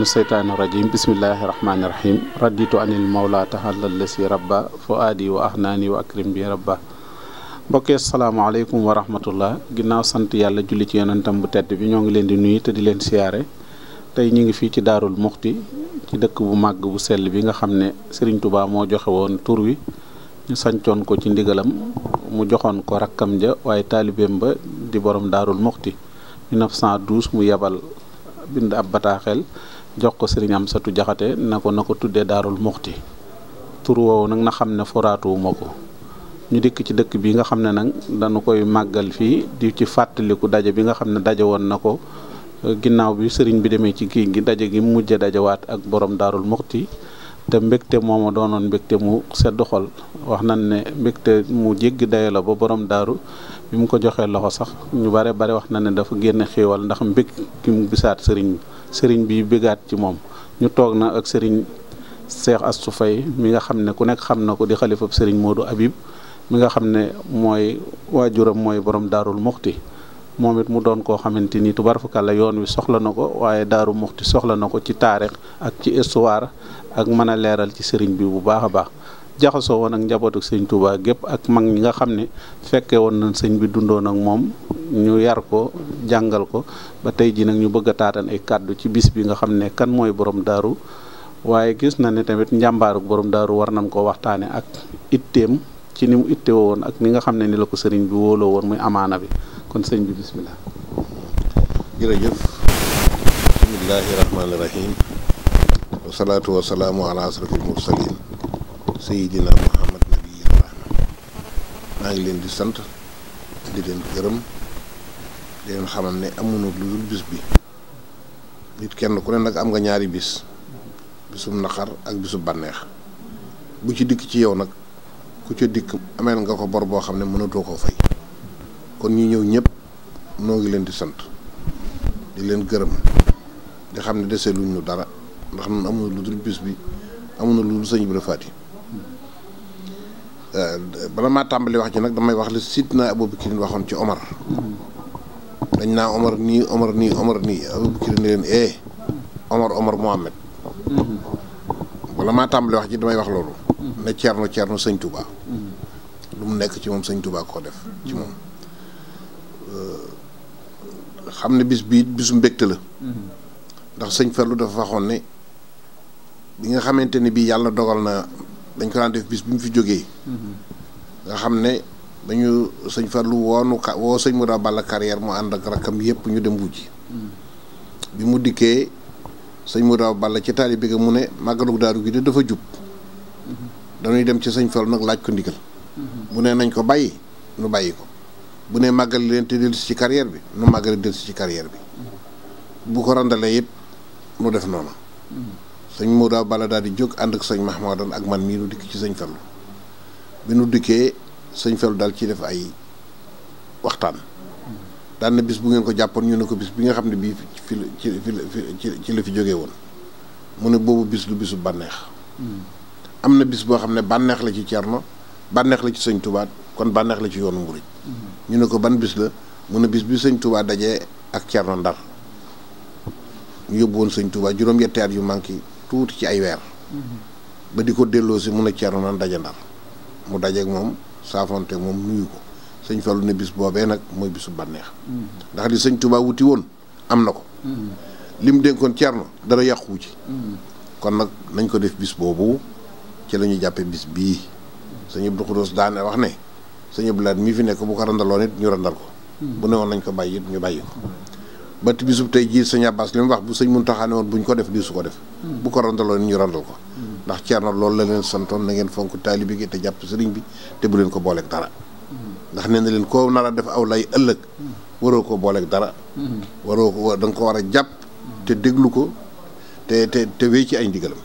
min seytaani rajim bismillahi rahmaani rahim raditu anil mawla taxalal la si rabba fu aadi wa ahnaani wa akrim bi rabba mbokkee salaamaaleykum wa rahmatullah ginnaaw sant yàlla julli ci yonentam bu tedd bi ñoo ngi leen di nuy te di leen siyaare tey ñu ngi fii ci daarul muxti ci dëkk bu màgg bu sell bi nga xam ne Serigne Touba moo joxe woon tur wi ñu sancoon ko ci ndigalam mu joxoon ko rakkam ja waaye taalibeem ba di boroom daarul muxti 1912 mu yebal bind ab bataaxel jox ko sëriñ Amsatu Jaxate na ko na ko tuddee daarul muxti tur woowu nag na xam ne foraatuwuma ko ñu dikk ci dëkk bi nga xam ne nag danu koy màggal fii di ci fàttaliku daje bi nga xam ne daje woon na ko ginnaaw bi sëriñ bi demee ci géej gi daje gi mujje dajewaat ak borom daarul muxti te mbégte mooma doonoon mbégte mu sedd xol wax nañ ne mbégte mu jégg dayo la ba borom daaru bi mu ko joxee loxo sax ñu bare bare wax na ne dafa génne xéewal ndax mbég ki mu bisaat sëriñ sëriñ bi bégaat ci moom ñu toog na ak sëriñ Cheikh Astou fay mi nga xam ne ku nekk xam na ko di xalifab sëriñ Modou Habib mi nga xam ne mooy waajuram mooy borom daarul muxti moom it mu doon koo xamante ni tubarfakalla yoon wi soxla na ko waaye daaru muxti soxla na ko ci taarix ak ci histoire ak mën a leeral ci sëriñ bi bu baax a baax jaxasoo woon ak njabootu sëñ Touba gépp ak mag ñi nga xam ne fekke woon na sëñ bi dundoon ak moom ñu yar ko jàngal ko ba tey ji nag ñu bëgg a taatan ay kàddu ci bis bi nga xam ne kan mooy borom daaru waaye gis na ne tamit njàmbaaruk borom daaru war nañ ko waxtaane ak itteem ci ni mu ittewoo woon ak ni nga xam ne ni la ko sëriñ bi wóoloo woon muy amaana bi kon sëñ bi bismillah jërëjëf bismillahi rahmaani rahim wasalaatu wasalaamu ala asrafil mursalin sayidina muhammad nabi rahma maa ngi leen di sant di leen gërëm di leen ne amuñu lu bis bi nit kenn ku ne nag am nga ñaari bis bisum naqar ak bisum bànneex bu ci dikk ci yow nag ku ca dikk ameel nga ko bor boo xam ne mënatoo koo fay kon ñi ñëw ñëpp noo ngi leen di sant di leen gërëm di xam ne dese lu ñu dara ndax nun amuñu lu dul bis bi na lu dul sëñ bi Euh, bala maa tàmbali wax ji nag damay wax li sidna Abubakar waxoon ci Omar dañ naa Omar nii Omar nii Omar nii Abubakar ni leen eh, Omar Omar Mohamed bala maa tàmbali wax ji damay wax loolu ne Ceerno Ceerno sëñ Touba lu mu nekk ci moom sëñ Touba koo def ci moom euh, xam ne bis bii bisu mbégte la ndax sëñ Fallou dafa waxoon ne bi nga xamante ni bii yàlla dogal na dañ ko daan def bis bi mu fi jógee. nga xam ne dañu sëñ Fallou woonu ka woo sëñ Moura Balla carrière mu ànd ak rakkam yëpp ñu dem wujji bi mu dikkee sëñ Moura Balla ci taalibe ga mu ne màggalug daaru gi de dafa jub. dañuy dem ci sëñ Fallou nag laaj ko ndigal. mu ne nañ ko bàyyi nu bàyyi ko. bu ne màggali leen te dellusi ci carrière bi nu màggali dellusi ci carrière bi. bu ko randalee yëpp nu def noonu. sëñ Modou Bala daal di jóg ànd ak sëñ Mahmoudan ak man mii nu dikk ci sañ Fallu bi nu dikkee sëñ Fallu dal ciy def ay waxtaan daan bis bu ngeen ko jàppoon ñu ne ko bis bi nga xam ne bii fi ci ci ci la fi jógee woon mu ne boobu bis lu bisu bànneex hmm. am na bis boo xam ne bànneex la ci Cerno bànneex la ci sëñ Tuubaa kon bànneex la ci yoonu murit hmm. ñu ne ko ban bis la mu ne bis bi sëñ Tuubaa dajee ak Cerno Ndar ñu yóbbu woon sëñ Tuubaa juróom-yetti at yu manqué tuuti ci ay weer. ba di ko delloo si mun a ceeru naan daje ndar mu dajeeg moom saafonte moom nuyu ko sëñ Fallu ne bis boobee nag mooy bisu bànneex. ndax di sëñ Tuubaa wuti woon am na ko. li mu dénkoon ceerno dara yàquwu ci. kon nag nañ ko def bis boobu ci la ñu jàppee bis bii sëñ Abdou Khoudoss daane wax ne sëñ Abdou laat mii fi nekk bu ko randaloon it ñu randal ko. bu newoon nañ ko bàyyi it ñu bàyyi ko. ba ti bisub tey jii sëñ Abbas li mu wax bu sëñ Muntaxa ne woon bu ñu ko def di su ko def hmm. bu ko randaloo ni ñu randal ko hmm. ndax Ceerno loolu la leen santoon na ngeen fonk taalibe gi te jàpp sëriñ bi te bu leen ko booleeg dara hmm. ndax ne na leen koo nar a def aw lay ëllëg waroo ko booleek dara waroo ko da nga ko war a jàpp te déglu ko te te te wéy ci ay ndigalam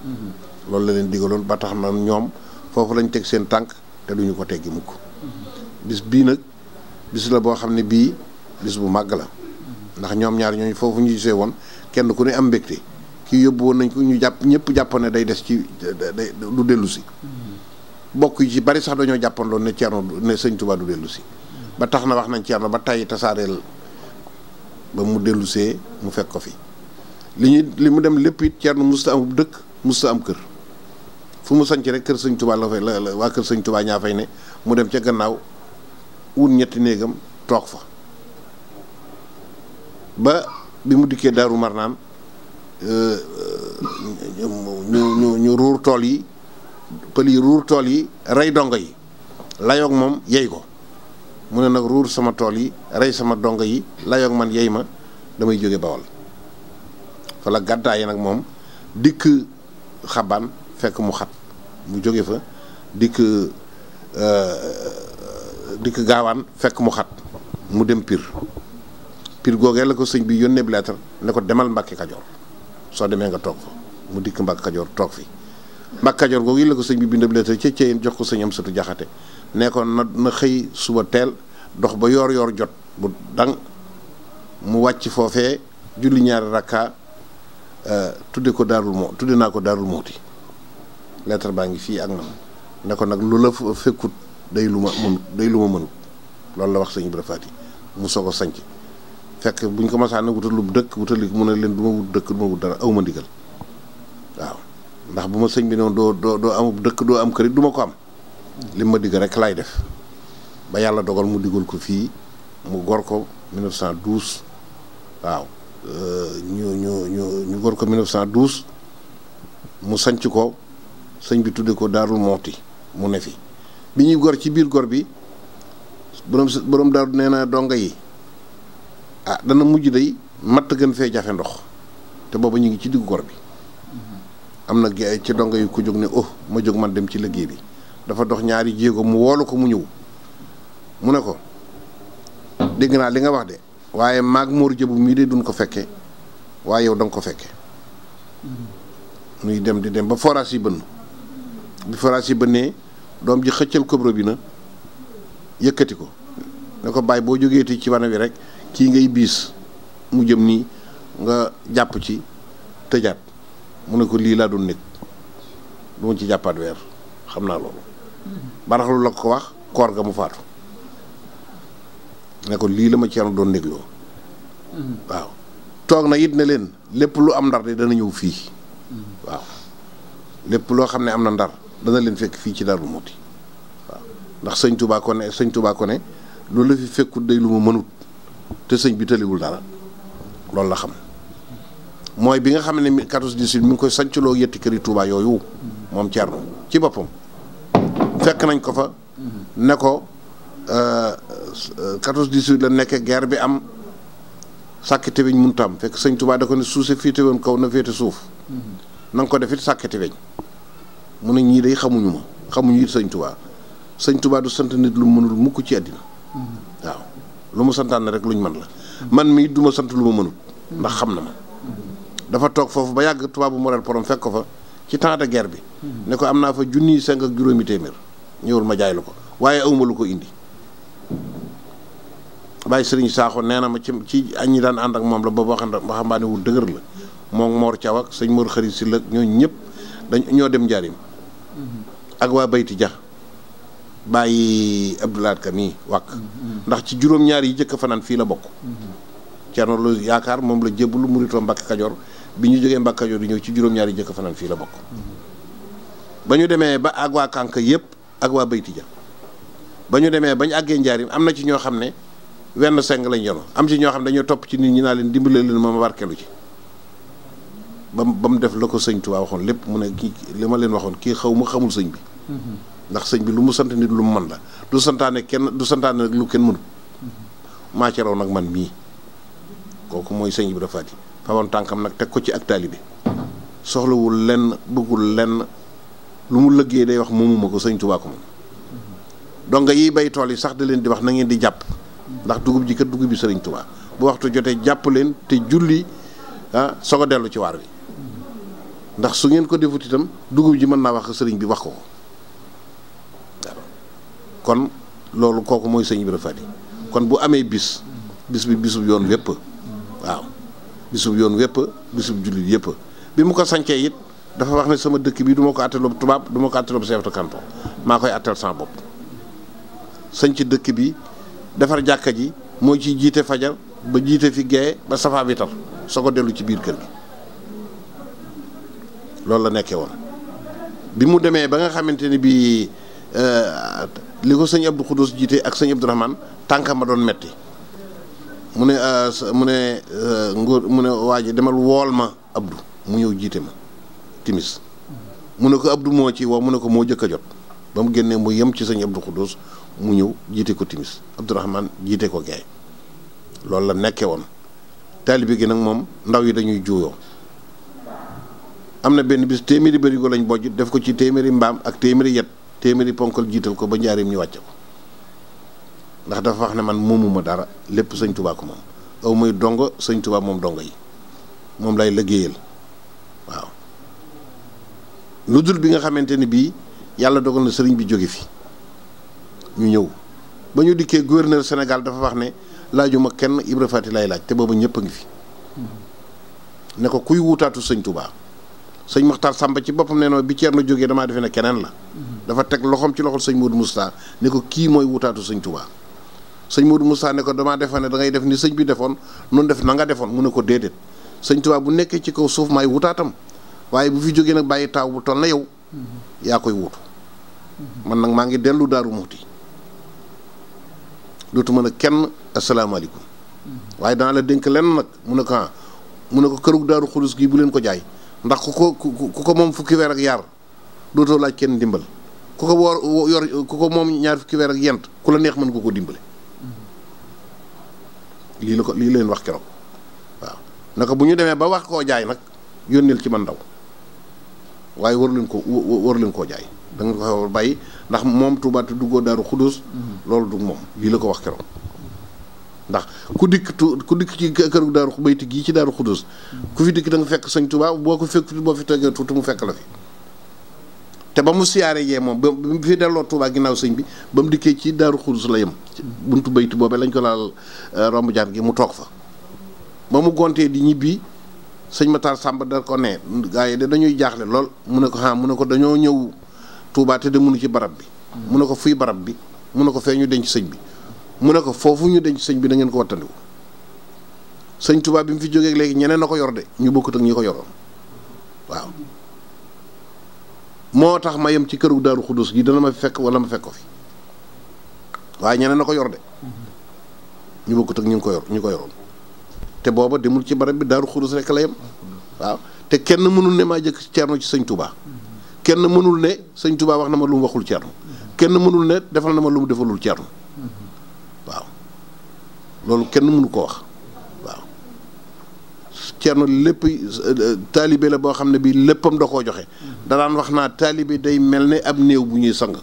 loolu la leen digaloon ba tax na ñoom foofu lañ teg seen tànk te duñu ko teggi mukk bis bii nag bis la boo xam ne bii bis bu màgg la ndax ñoom ñaar ñooñu foofu ñu gisee woon kenn ku ne am mbégte kii yóbbu woon nañ ko ñu jàpp ñëpp jàpp ne day des ci day du dellu si bokk yi ci bari sax dañoo jàppandoon ne Thierno ne sëñ Touba du dellu si ba tax na wax nañ Thierno ba tàyyi tasaareel ba mu dellusee mu fekk ko fi li ñuy li mu dem lépp it Thierno musta am dëkk musta am kër fu mu sanc rek kër sëñ Touba la fay la waa kër sëñ Touba ñaa fay ne mu dem ca gannaaw wut ñetti néegam toog fa ba bi mu dikkee Daaru Marnaan euh, euh, ñu ñu ñu ruur tool yi pël yi ruur tool yi rey dongo yi layoog moom yey ko mu ne nag ruur sama tool yi rey sama dongo yi layoog man yey ma damay jóge Bawol fa la gàddaay nag moom dikk xaban fekk mu xat mu jóge fa dikk euh, dikk gaawaan fekk mu xat mu dem Pire pir googee la ko sëñ bi yónnee bi lettre ne ko demal Mbàkke Kajoor soo demee nga toog fa mu dikk Mbàkke Kajoor toog fi Mbàkke Kajoor googu la ko sëñ bi bindab lettre ca Ceyeen jox ko sëñ Amsatu Jaxate ne ko na na xëy suba teel dox ba yoor yoor jot bu dang mu wàcc foofee julli ñaari rakka euh, tudde ko daarul moo tudde naa ko daarul mooti lettre baa ngi fii ak man ne ko nag lu la fekkut day lu ma mënut day lu ma mënut loolu la wax sëñ Ibra Faati mu soog a sanc fekk bu ñu ko masaan wutal lu dëkk wutali mu ne leen du ma wut dëkk wut dara aw ma ndigal waaw ndax bu ma sëñ bi ne doo doo doo dëkk doo am kërit du ko am li ma digg rek laay def ba yàlla dogal mu digal ko fii mu gor ko 1912 waaw euh, ñu ñu ñu ñu gor ko 1912 mu sanc ko sëñ bi tudde ko daarul mooti mu ne fi bi ñuy gor ci biir gor bi borom borom daaru nee na donga yi ah dana mujj day matt gën fee jafe ndox te booba ñu ngi ci diggu gor bi am na ci dongo yu ko jóg ne oh ma jóg man dem ci liggéey bi dafa dox ñaari jéego mu woolu ko mu ñëw mu ne ko dégg naa li nga wax de waaye maag Mor jëbu mii de duñ ko fekke waaye yow danga ko fekke muy dem di dem ba forage yi bënn bi forage yi bënnee doom ji xëccal kobro bi na yëkkati ko ne ko baay boo jógee jógeeti ci wana bi rek kii ngay biis mu jëm nii nga jàpp ci tëjaat mu ne ko lii laa doon nekk du ma ci jàppaat weer xam naa loolu baraxlu la ko wax koor ga mu faatu ne ko lii la ma ci yàlla doon négloo waaw toog na it ne leen lépp lu am ndar de dana ñëw fii waaw lépp loo xam ne am na ndar dana leen fekk fii ci Daaru Muxti waaw ndax sëñ Tuubaa ko ne sëñ Tuubaa ko ne loolu la fi fekku day lu ma mënut te sëñ bi tëliwul dara loolu la xam mooy bi nga xam ne 1418 mu ngi koy sancloo yetti këri Touba yooyu moom Thierno ci boppam fekk nañ ko fa ne ko 1418 euh, euh, la nekkee guerre bi am sàkkite weñ mun tam fekk sëñ Touba da ko ne suuf si féete woon kaw na féete suuf na ko def it sàkkite weñ mu ne ñii day xamuñu ma xamuñu it sëñ Touba sëñ Touba du sant nit lu mënul mukk ci àddina lu mu santaan santaane rek luñ man la man mii du ma sant lu ma mënut ndax xam na ma dafa toog foofu ba yàgg tubaabu moral porom fekk ko fa ci temps de guerre bi ne ko am naa fa junni seng ak juróomi téeméer ñëwul ma jaay la ko waaye awma lu ko indi bàyyi sëriñ saaxo nee na ma ci ci ñi daan ànd ak moom la boobu waxan waxambaane wul dëgër la moom moor caw ak sëñ moor xarit si la ñooñu ñëpp dañ ñoo dem njaarim mm-hmm. ak waa bayti jax bàyyi Abdoulaye Ka mii wàkk ndax ci juróom-ñaar yi jëkk fanaan fii la bokk Ceerno lu yaakaar moom la jébbalu muritoo Mbàkke Kajoor bi ñu jógee Mbàkke Kajoor di ñëw ci juróom-ñaar yi jëkk fanaan fii la bokk ba ñu demee ba ak waa kànk yëpp ak waa bayti ja ba ñu demee bañ àggee njaarim am na ci ñoo xam ne wenn seng lañ yono am ci ñoo xam ne dañoo topp ci nit ñi naa leen dimbale leen ma ma barkeelu ci ba mu def la ko sëñ Tuubaa waxoon lépp mu ne kii li ma leen waxoon kii xaw ma xamul sëñ bi mm-hmm. ndax sëñ bi lu mu sant nit lu mu mën la du santaane kenn du santaane lu kenn mënu maa ca nag man mii kooku mooy sëñ bi dafa di fawoon tànkam nag teg ko ci ak taalibe soxlawul lenn bëggul lenn lu mu lëggee day wax moomuma ko sëñ Tuubaa ko moom donc yiy bay tool yi sax da leen di wax na ngeen di jàpp ndax dugub ji kat dugub bi sëriñ Tuubaa bu waxtu jotee jàpp leen te julli ah soog a dellu ci waar wi ndax su ngeen ko defut itam dugub ji mën naa wax sëriñ bi wax ko kon loolu kooku mooy sëñ Ibra Fati kon bu amee bis bis bi bisub yoon wépp waaw bisub yoon wépp bisub jullit yépp bi mu ko sancee it dafa wax ne sama dëkk bi duma ma ko atteloob tubaab duma ma ko atteloob chef de canton maa koy attel sans bopp sëñ ci dëkk bi defar jàkka ji moo ci jiite fajar ba jiite fi gaye ba safaa witar soo ko dellu ci biir kër gi loolu la nekkee woon bi mu demee ba nga xamante ni bii Euh, li ko sëñ Abdou Khoudous jiite ak sëñ Abdou Rahman tànkam ma doon metti mu ne euh, mu ne euh, ngóor mu ne waa ji demal wool ma Abdou mu ñëw jiite ma timis mu ne ko Abdou moo ci woo mu ne ko moo jëkk a jot ba mu génnee mu yem ci sëñ Abdou Khoudous mu ñëw jiite ko timis Abdou Rahman jiite ko gaay loolu la nekkee woon taalibe gi nag moom ndaw yi dañuy juuyoo am na benn bis téeméeri bërigo lañ bojj def ko ci téeméeri mbaam ak téeméeri yet téeméeri ponkal jiital ko ba njaarim ñu wàcc ko ndax dafa wax ne man moomuma dara lépp sëñ tubaa ko moom dongo moom dongo yi moom lay liggéeyal waaw lu dul bi nga xamante ni bii yàlla dogal na sëriñ bi jóge fi ñu ñëw ba ñu dikkee gouverneur senegal dafa wax ne laajuma kenn Ibra Faty lay laaj te booba ñëpp a ngi fi hmm. ne ko kuy wutaatu sëñ tubaa sëñ Maxtaar Samba ci boppam nee na bi Ceerno jógee damaa defee ne keneen la dafa teg loxoom ci loxol sëñ Modou Moustapha ne ko kii mooy wutaatu sëñ Touba sëñ Modou Moustapha ne ko damaa defe ne dangay def ni sëñ bi defoon noonu def na nga defoon mu ne ko déedéet sëñ Touba bu nekkee ci kaw suuf maay wutaatam waaye bu fi jógee nag bàyyi taaw bu toll na yow yaa koy wuutu man nag maa ngi dellu Daaru Muxti dootu mën kenn asalaamaaleykum waaye dana la dénk lenn nag mu ne ko ah, mu ne ko kërug Daaru Xulus gii bu leen ko jaay ndax ku ko ku ko moom fukki weer ak yaar dootoo laaj kenn dimbal ku ko woor yor ku ko moom ñaar fukki weer ak yent ku la neex mën ko ko dimbale mm-hmm. lii la ko lii leen wax keroog waaw naka bu ñu demee ba wax koo jaay nag yónneel ci man ndaw waaye war leen ko war koo jaay da nga ko bàyyi ndax moom Tuubaa duggoo Daaru Xudus mm-hmm. loolu du moom lii la ko wax keroog ndax ku dikk tu ku dikk ci këru daaru bayti gii ci daaru xudus ku fi dikk da nga fekk sëñ Tuubaa boo ko fekk boo fi tegee tuuti mu fekk la te ba mu siyaaree yee moom ba mu delloo Tuubaa ginnaaw sëñ bi ba dikkee ci daaru xudus la yem buntu bayti boobee lañ ko laal euh, romb jaan gi mu toog fa ba mu gontee di ñibbi sëñ Matar Samba da ko ne gaa yi de dañuy jaaxle lool mu ne ko ah mu ne ko dañoo ñëw Tuubaa te de mënu ci barab bi mu ne ko fuy barab bi mu ne ko fee ñu denc sëñ bi mu ne ko foofu ñu denc sëñ bi da ko wattandiku sëñ Tuubaa bi mu fi jógee léegi ñeneen na ko yor de ñu bokkut ak ko yoroon waaw moo tax ma yem ci këru daaru xudus gi dana ma fekk wala ma fekk ko fi ñeneen na ko yor ñu bokkut ak ñu ko yor ñu ko yoroon te booba demul ci barab bi daaru xudus rek la yem waaw te kenn mënul ne maa jëkk ceerno ci sëñ Tuubaa kenn mënul ne sëñ Tuubaa wax na ma lu mu waxul ceerno kenn mënul ne defal na ma lu mu defalul ceerno loolu kenn mënu ko wax waaw Thierno lépp taalibe la boo xam ne bii léppam da koo joxe danaan wax naa taalibe day mel ni ab néew bu ñuy sang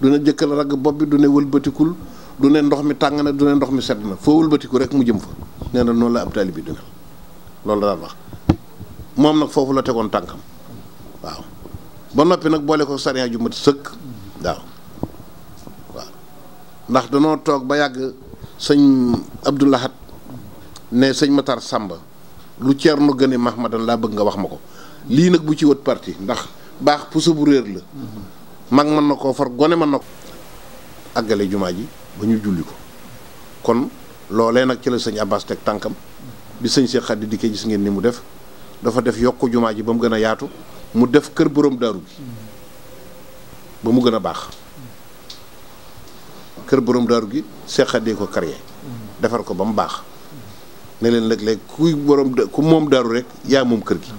du ne jëkkal ragg bopp bi du ne wëlbatikul du ne ndox mi tàng na du ne ndox mi sedd na foo wëlbatiku rek mu jëm fa nee na noonu la ab taalibe di mel loolu la daan wax moom nag foofu la tegoon tànkam waaw ba noppi nag boole ko sariya ju mat sëkk waaw waaw ndax danoo toog ba yàgg sëñ Abdou Lahad ne sëñ Matar Sàmba lu Ceerno Gane Mahmadan laa bëgg nga wax ma ko lii nag bu ci wët parti ndax baax puso bu réer la mag mën na koo far gone mën na àggale jumaa ji ba ñu julli ko kon loolee nag ci la sëñ Abbas teg tànkam bi sëñ Seex Xaddi dikkee gis ngeen ni mu def dafa def yokk jumaa ji ba mu gën a yaatu mu def kër boroom daaru bi ba mu gën a baax kër borom daaru gi Cheikh Khady ko créé defar ko ba mu baax ne leen nag léegi kuy borom ku moom daaru rek yaa moom kër gi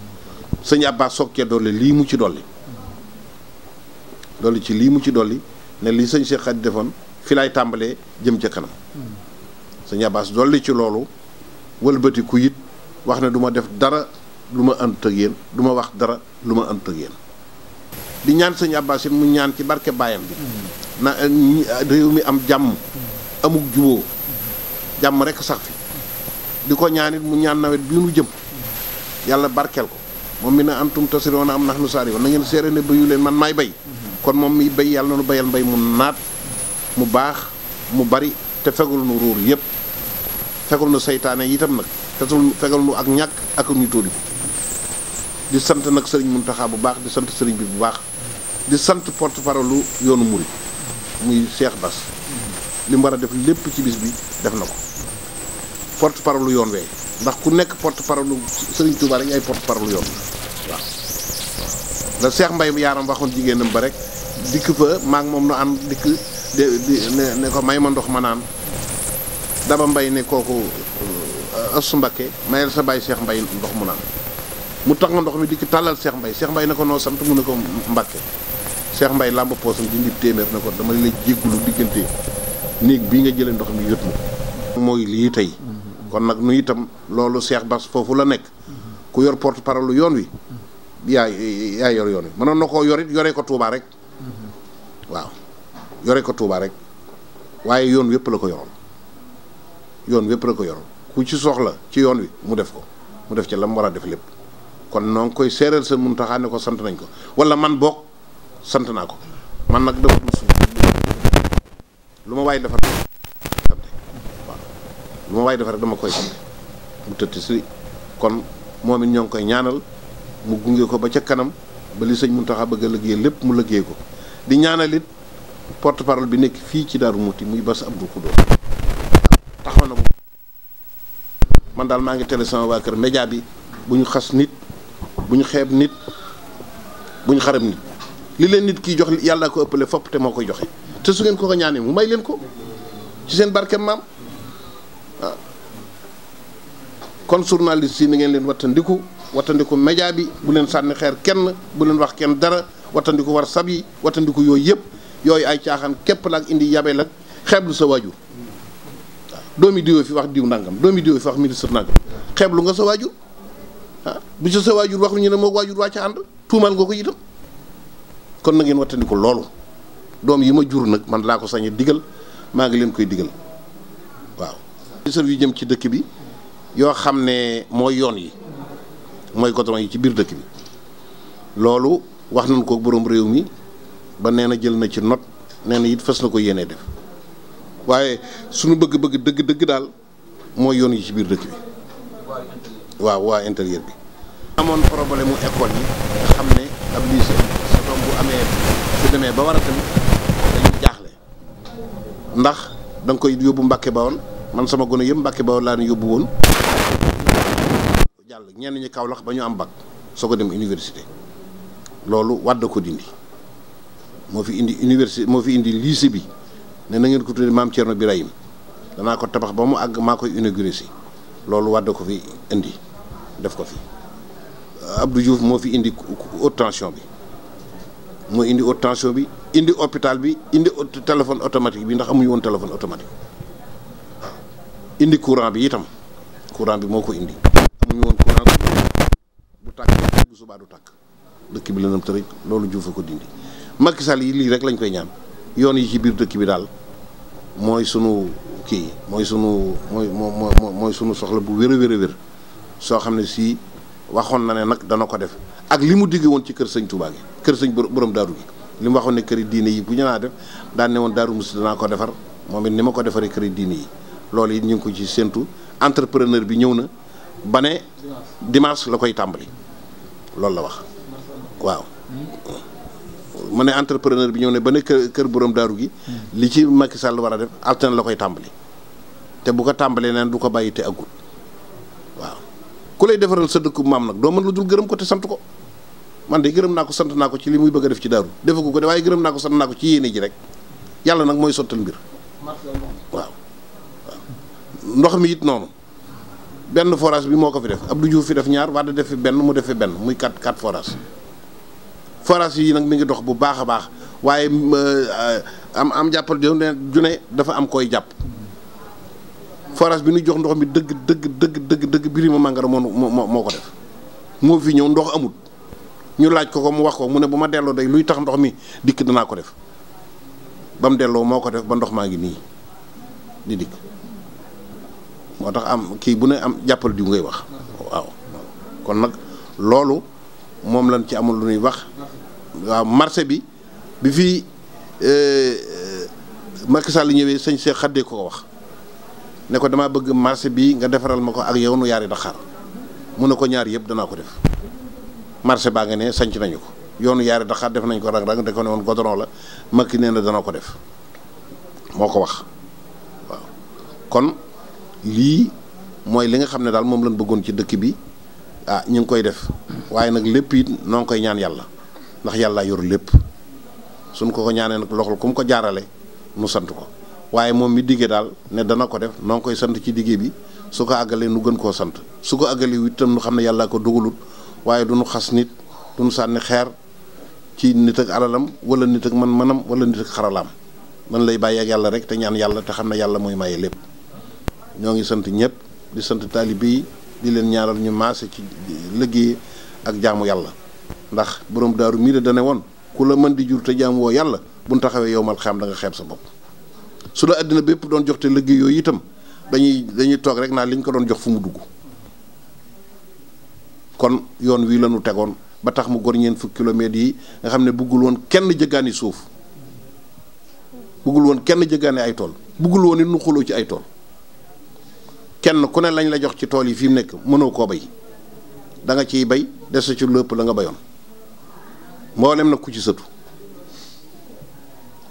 sëñ Abbas sooke cee dolli lii mu ci dolli dolli ci lii mu ci dolli ne lii sëñ Cheikh defoon fi lay tàmbalee jëm ca kanam sëñ Abbas dolli ci loolu wëlbati ku it wax ne duma def dara lu ma ànd ak yéen duma wax dara lu ma ànd ak yéen di ñaan sëñ Abbas it mu ñaan ci barke baayam bi na eh, eh, réew mi am jàmm amuk juboo jàmm rek sax fi di ko ñaanit mu ñaan nawet bii nu jëm yàlla barkeel ko moom mi na antum tasirona am nax nu saari woon na ngeen seere ne bayu leen man maay bay kon moom mi bay yàlla na nu bayal mbay mu naat mu baax mu bari te fegul nu ruur yépp fegul nu seytaane itam nag tesul fegul nu ak ñàkk ak ñu tuuti di sant nag sëriñ Muntaxa bu baax di sant sëriñ bi bu baax di sant porte-parole yoonu murid muy Cheikh Bass li mu war a def lépp ci bis bi def na ko porte parole yoon wee ndax ku nekk port parole Serigne Touba rek ay porte parole yoon waaw la Cheikh Mbay yaaram waxoon jigéenam ba dikk fa maa moom nu am dikk de ne ko may ma ndox ma naan daba mbay ne kooku euh, Asu Mbakke mayal sa bàyyi Cheikh Mbay ndox mu naan mu tax nga ndox mi dikk tàllal Cheikh Mbay seex Mbay ne ko noo sant mu ne ko Mbakke Cheikh mbay làmb poosam dindi téeméer na ko dama lay jéggulu diggante néeg bii nga jëlee ndox mi yót ma mooy lii tey kon nag nu itam loolu Cheikh Bass foofu la nekk ku yor porte parole yoon wi yaa yaa yor yoon wi mënoon na koo yorit yore ko Touba rek waaw yore ko Touba rek waaye yoon wépp la ko yoroon yoon wépp la ko yoroon ku ci soxla ci yoon wi mu def ko mu def ci la mu war a def lépp kon noo ngi koy séeréel sa Muntaxa ne ko sant nañ ko wala man bokk sant naa ko man nag dafa dul suuf lu ma waay defar waaw defar dama koy sant mu tëdd si kon moom it ñoo koy ñaanal mu gunge ko ba ca kanam ba li sëñ Mountakha bëgg a liggéey lépp mu liggéey ko di ñaanal it porte parole bi nekk fii ci Darou muti muy Bass Abdou Khoudoss taxaw na ko man daal maa ngi télé sama waa kër média bi bu xas nit bu ñu xeeb nit bu ñu xarab nit. li leen nit kiy jox yàlla ko ëppale fopp te moo ko joxe te su ngeen ko ko ñaanee mu may leen ko ci seen barkeem maam waaw ah. kon journaliste yi ni ngeen leen wattandiku wattandiku média bi bu leen sànni xeer kenn bu leen wax kenn dara wattandiku war sab yi wattandiku yooyu yëpp yooyu ay caaxaan képp la ak indi yabeel ak xeeblu sa waajur waaw ah. doomi diwoo fi wax diw nangam doomi diwoo fi wax ministre nangam xeeblu nga sa waajur ah bu sa sa waajur wax ñu ne moo waajur waa ca ànd tuumal nga ko itam kon na ngeen wattandiku loolu doom yi ma jur nag man laa ko sañ digal maa ngi leen koy digal waaw. réserve yu jëm ci dëkk bi yoo xam ne mooy yoon yi mooy goudron yi ci biir dëkk bi loolu wax nañ ko boroom réew mi ba nee na jël na ci not nee na it fas na ko yéenee def waaye suñu bëgg-bëgg dëgg-dëgg daal mooy yoon yi ci biir dëkk bi waaw waa intérieur bi. amoon problème mu école yi nga xam ne ab lycée amee su demee ba war a tamit dañuy jaaxle ndax da koy yóbbu Mbàkke Bawol man sama gone yëpp Mbàkke Bawol laa ne yóbbu woon jàll ñenn ñi Kaolack ba ñu am bac soo ko dem université loolu wadd ko dindi moo fi indi université moo fi indi lycée bi ne na ngeen ko tuddee maam Thierno Birahim danaa ko tabax ba mu àgg maa koy inauguré si loolu wàdd ko fi indi def ko fi Abdou jouf moo fi indi haute tension bi mooy indi haute tension bi indi hopital bi indi téléphone automatique bi ndax amuñu woon téléphone automatique indi courant bi itam courant bi moo ko indi amuñu woon courant bu bu tàkk dëkk bi lëndëm tërëj loolu juufa ko dindi Macky Sall yi lii rek lañ koy ñaan yoon yi ci biir dëkk bi daal mooy sunu kii mooy sunu mooy mooy mooy sunu soxla bu wér a wér a wér soo xam ne si waxoon na ne nag dana ko def ak li mu digg woon ci kër sëñ Touba gi kër sëñ borom daaru gi li mu waxoon ne këri diine yi bu ñu naa def daan woon daaru mus danaa ko defar moom it ni ma ko defaree këri diine yi loolu it ñu ngi ko ci séntu entrepreneur bi ñëw na ba ne dimanche la koy tàmbali loolu la wax waaw mu ne entrepreneur bi ñëw ne ba ne kër kër borom daaru gi li ci Macky Sall war a def altine la koy tàmbali te bu ko tàmbalee neen du ko bàyyi te agul ku lay defaral sa dëkku maam nag doo mën lu dul gërëm ko te sant ko man de gërëm naa ko sant naa ko ci li muy bëgg a def ci daaru defagu ko de waaye gërëm naa ko sant naa ko ci yéene ji rek yàlla nag mooy sottal mbir waaw ndox mi it noonu benn forage bi moo ko fi def ab Abdou Diouf fi def ñaar Wade def fi benn mu def fi benn muy quatre quatre forage forage yi nag mi ngi dox bu baax a baax waaye euh, am am jàppal ju ne dafa am koy jàpp forage bi nu jox ndox mi dëgg dëgg dëgg dëgg dëgg Birima Mangara moo moo moo ko def moo fi ñëw ndox amul ñu laaj ko ko mu wax ko mu ne bu ma delloo day luy tax ndox mi dikk danaa ko def ba mu delloo moo ko def ba ndox maa ngi nii di dikk moo tax am kii bu ne am jàppal diw ngay wax waaw kon nag loolu moom lañ ci amul lu ñuy wax waaw marché bi bi fi euh, euh, Macky Sall ñëwee sëñ see xaddee ko ko wax ne ko damaa bëgg marché bi nga defaral ma ko ak yow nu yaari daxaar mun ne ko ñaar yëpp danaa ko def marché baa nga ne sanc nañu ko yoonu yaari daxaar def nañ ko rang-rang da ko ne woon godoron la makki nee na danaa ko def moo ko wax waaw lii mooy li nga xam ne daal moom lañ bëggoon ci dëkk bi ah ñu ngi koy def waaye nag lépp it noo ngi koy ñaan yàlla ndax yàlla yoru lépp suñ ko ko ñaanee nag loxol ku ko jaarale nu sant ko waaye moom mi diggee daal ne dana ko def noo koy sant ci diggee bi su ko àggalee nu gën koo sant su ko àggalee itam nu xam ne yàlla ko dugalut waaye du nu xas nit du nu sànni xeer ci nit ak alalam wala nit ak man manam wala nit ak xaralaam man lay bàyyi ak yàlla rek te ñaan yàlla te xam na yàlla mooy maye lépp ñoo ngi sant ñëpp di sant taalibe yi di leen ñaanal ñu maase ci liggéey ak jaamu yàlla ndax borom daaru mii de dane woon ku la mën di jur te jaamu woo yàlla bu nu taxawee yow mal xam da nga sa bopp su la àddina bépp doon jox te liggéey yooyu itam dañuy dañuy toog rek naa liñ ko doon jox fu mu dugg kon yoon wii la ñu tegoon ba tax mu gor ñeen fu kilomètres yi nga xam ne buggul woon kenn jëggaani suuf buggul woon kenn jëggaani ay tool buggul woon it nu xuloo ci ay tool kenn ku ne lañ la jox ci tool yi fi mu nekk mënoo koo bay da nga ciy bay des ci lépp la nga bayoon mboolem na ku ci sëtu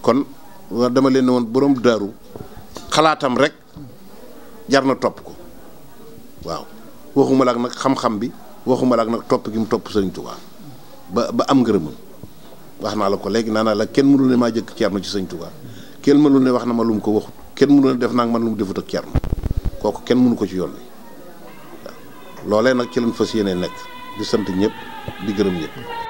kon wax dama leen ne woon borom daaru xalaatam rek jar na topp ko waaw waxuma la ak nag xam-xam bi waxuma la ak nag topp gi mu topp sëriñ Touba ba ba am ngërëmam wax naa la ko léegi naa naa la kenn mënul ne maa jëkk ceerno ci sëriñ Touba kenn mënul ne wax na ma lu mu ko waxut kenn mënul ne def naa man lu mu defut ak kooku kenn mënu ko ci yoon bi waaw loolee nag ci lañ fas yéene nekk di sant ñëpp di gërëm ñëpp.